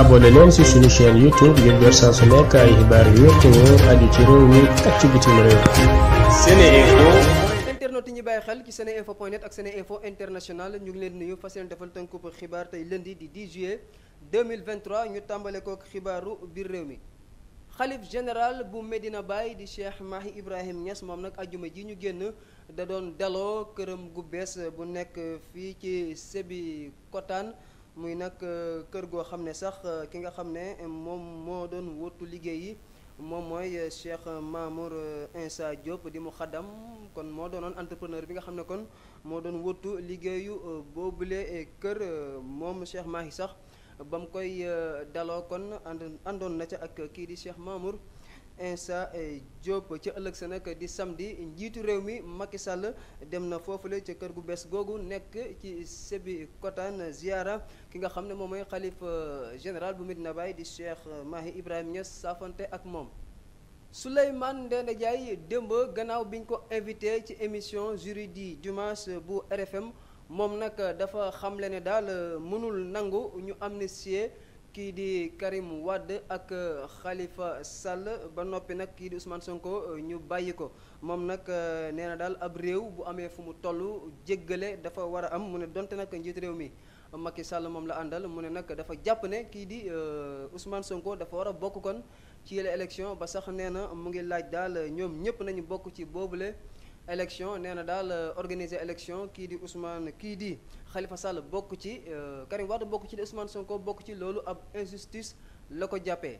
abonné leen ci suñu chaîne YouTube ngir jot saa su nekk ay xibaar yu wér te ci réew mi ak bitim réew. SeneInfo. internet yi ñu bàyyi xel ci SeneInfo point net ak SeneInfo international ñu defal tënkub xibaar tey lundi di 10 juillet 2023 ñu tàmbale kook xibaaru biir réew mi. xalif général bu Medina Baye di Cheikh Mahi Ibrahim Niass moom nag ajuma ji ñu génn da doon daloo këram gu bees bu nekk fii ci Sébi Kotaan. muy nag euh, kër goo xam ne sax euh, ki nga xam ne euh, moom moo doon wóotu liggéey yi moom mooy Cheikh Mamour Insa Diop di mu xadam kon moo doonoon entrepreneur bi nga xam ne kon moo doon wóotu liggéeyu boobule kër moom Cheikh Mahi sax ba mu koy daloo kon ànd àndoon na ca ak kii di Cheikh Mamour. Insa eh, Diop ci ëllëg sa nag di samdi njiitu réew mi Macky Sall dem na foofu foofule ca kër gu bees googu nekk ci sebi kotaan ziara ki nga xam ne moom mooy xalif eh, général bu na Baye di Cheikh eh, Mahi ibrahim Niass saafante ak moom Souleymane Ndéné Ndiaye démb gannaaw bi ñu ko invité ci émission Jury du dimanche bu RFM moom nag dafa xamle ne daal mënul nangu ñu amnistier kii di Karim Wade ak xalifa euh, Sall ba noppi nag kii di Ousmane Sonko euh, ñu bàyyi ko moom nag euh, nee na daal ab réew bu amee fu mu toll jéggale dafa war a am mu ne donte nag njiitu réew mi Macky sàll moom la àndal mu ne nag dafa jàpp ne kii di Ousmane Sonko dafa war a bokk kon ci yële élection ba sax nee na mu ngi laaj daal ñoom ñëpp nañu bokk ci boobule. élection nee na daal euh, organiser élection kii di Ousmane kii di Khalifa Sall bokk ci euh, Karim Wade bokk ci di Ousmane Sonko bokk ci loolu ab injustice la ko jàppee.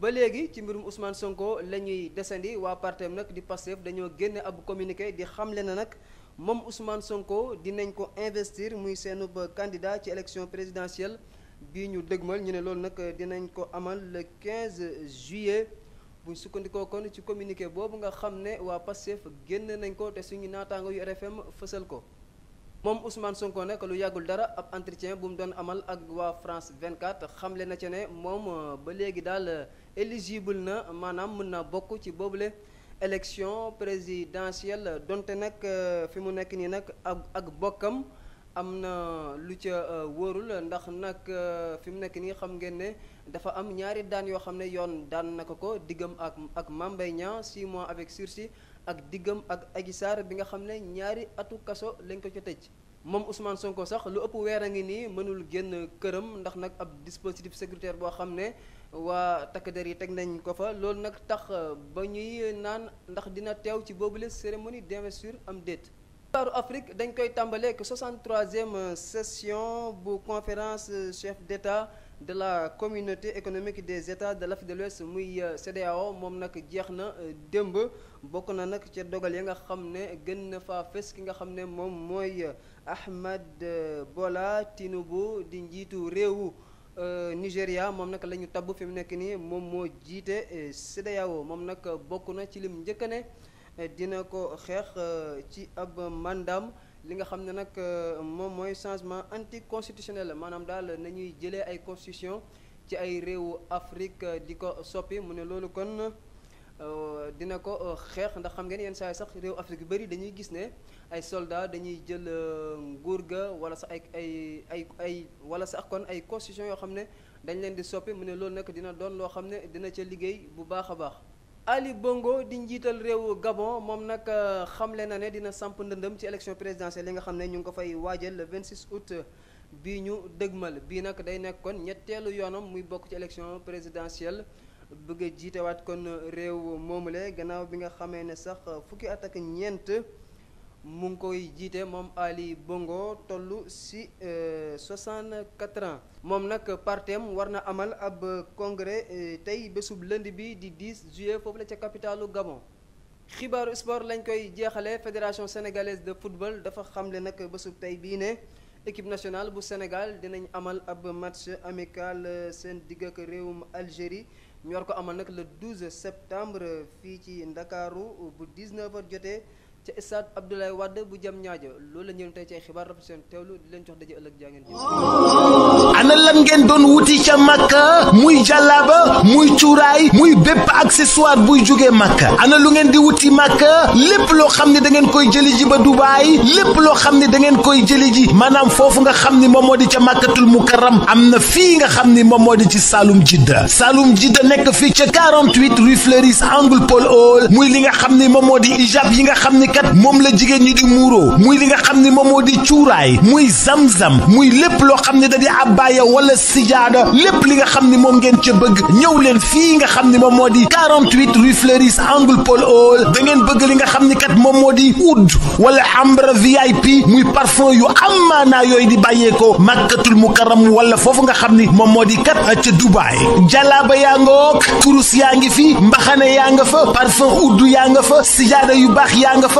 ba léegi ci mbirum Ousmane Sonko la ñuy desandi waa partem nag di Pastef dañoo génne ab communiqué di xamle na nag moom Ousmane Sonko dinañ ko investir muy seenu ba candidat ci élection présidentielle bi ñu dëgmal ñu ne loolu nag dinañ ko amal le 15 juillet. buñ sukkandikoo kon ci communiqué boobu nga xam ne waa Pastef génn nañ ko te suñu naataango yu RFM fësal ko moom Ousmane Sonko nekk lu yàggul dara ab entretien bu mu doon amal ak waa France 24 xamle na ca ne moom euh, ba léegi daal euh, éligible na maanaam mën na bokk ci boobule élection présidentielle donte nag euh, fi mu nekk nii nag ak ak bokkam am na lu ca euh, wóorul ndax nag euh, fi mu nekk ni xam ngeen ne dafa am ñaari daan yoo xam ne yoon daan na ko ko diggam ak ak Mame Mbaye Niang mois avec sursis ak diggam ak Adji Sarr bi nga xam ne ñaari atu kaso lañ ko ca tëj moom Ousmane ko sax lu ëpp weer a ngi nii mënul génn këram ndax nag ab dispositif sécuritaire boo xam ne waa takk der yi teg nañ ko fa loolu nag tax euh, ba ñuy naan ndax dina teew ci boobu la boobule cérémonie d'investiture am déet Histoire Afrique dañ koy tàmbaleek 63e session bu conférence chef d'État de la communauté économique des États de l'Afrique de l'Ouest muy euh, CEDEAO moom nag jeex na euh, démb bokk na nag ca dogal ya nga xam ne gën na faa fës ki nga xam ne moom mooy euh, Ahmed Bola Tinubu di njiitu réewu Nigéria moom nag la ñu tabb fi mu nekk nii moom moo jiite CEDEAO moom nag bokk na ci lim njëkk ne dina ko xeex euh, ci ab mandam li nga xam ne nag euh, moom mooy changement anti anticonstitutionnel maanaam daal na ñuy jëlee ay constitution ci ay réew Afrique euh, di ko soppi mu ne loolu kon dina ko xeex ndax xam ngeen yenn saa sax réew Afrique yu bëri dañuy gis ne ay soldats dañuy jël nguur ga wala sax ay ay ay ay wala sax kon ay constitution yoo xam ne dañ leen di soppi mu ne loolu nag dina doon loo xam ne dina ca liggéey bu baax a baax. Ali Bongo di njiital réew Gabon moom nag euh, xamle na ne dina samp ndëndëm ci élection présidentielle yi nga xam ne ñu ngi ko fay waajal vingt 26 août bii ñu dëgmal bii nag day nekk kon ñetteelu yoonam muy bokk ci élection présidentielle bëgg a jiitewaat kon réew moomule gannaaw bi nga xamee ne sax fukki at ak ñeent. mu ngi koy jiite moom Ali Bongo toll si euh, soixante-quatre ans moom nag partem war na amal ab congrès euh, tey bésub lënd bi di 10 juillet foofu la ca capitalu Gabon xibaaru sport lañ koy jeexale fédération sénégalaise de football dafa xamle nag bésub tey bii ne équipe nationale bu Sénégal dinañ amal ab match amical euh, seen digg ak réewum Algérie ñu war ko amal nag le 12 septembre fii ci Ndakaaru bu 19h jotee ca stade Abdoulaye Wade bu jam ñaajo loolu la ñëw tey ci ay xibaar rafet seen teewlu di leen jox daje ëllëg jaa ngeen ana lan ngeen doon wuti ca Makka muy jàllaaba muy cuuraay muy bépp accessoire buy jógee Makka ana lu ngeen di wuti Makka lépp loo xam ne da ngeen koy jëli ji ba Dubaay lépp loo xam ne da ngeen koy jëli ji maanaam foofu nga xam ni moom moo di ca Makkatul Mukarram am na fii nga xam ni moom moo di ci Saloum Jidda Saloum Jidda nekk fii ca 48 rue Fleuris angle Paul Hall muy li nga xam ni moom moo di ijab yi nga xam ni kat moom la jigéen ñi di muuroo muy li nga xam ni moom moo di cuuraay muy zamzam muy lépp loo xam ne da di abbaaya wala sijaada lépp li nga xam ni moom ngeen ca bëgg ñëw leen fii nga xam ni moom moo di 48 rue Fleuris angle Paul Hall da ngeen bëgg li nga xam ni kat moom moo di oud wala ambre VIP muy parfum yu amaanaa yooyu di bàyyeekoo màkkatul mukarram wala foofu nga xam ni moom moo di kat ca Dubaay jalaaba yaa nga wook kurus yaa ngi fi mbaxane yaa nga fa parfum oud yaa yu baax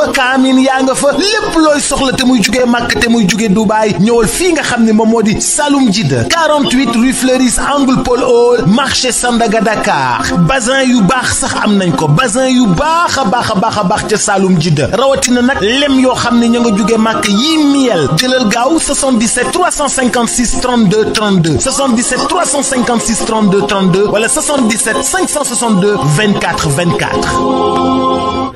fa kaamin yaa nga fa lépp looy soxla te muy jugee màkk te muy jugee Dubaay ñëwal fii nga xam ne moom moo di Saloum Jidda 48 rue Fleuris angle Paul Hall marché Sandaga Dakar basin yu baax sax am nañ ko basin yu baax a baax a baax a baax ca Saloum Jidda rawatina nag lem yoo xam ne ña nga jugee màkk yii miel jëlal gaaw 77 356 32 32 77 356 32 32 wala 77 562 24 24.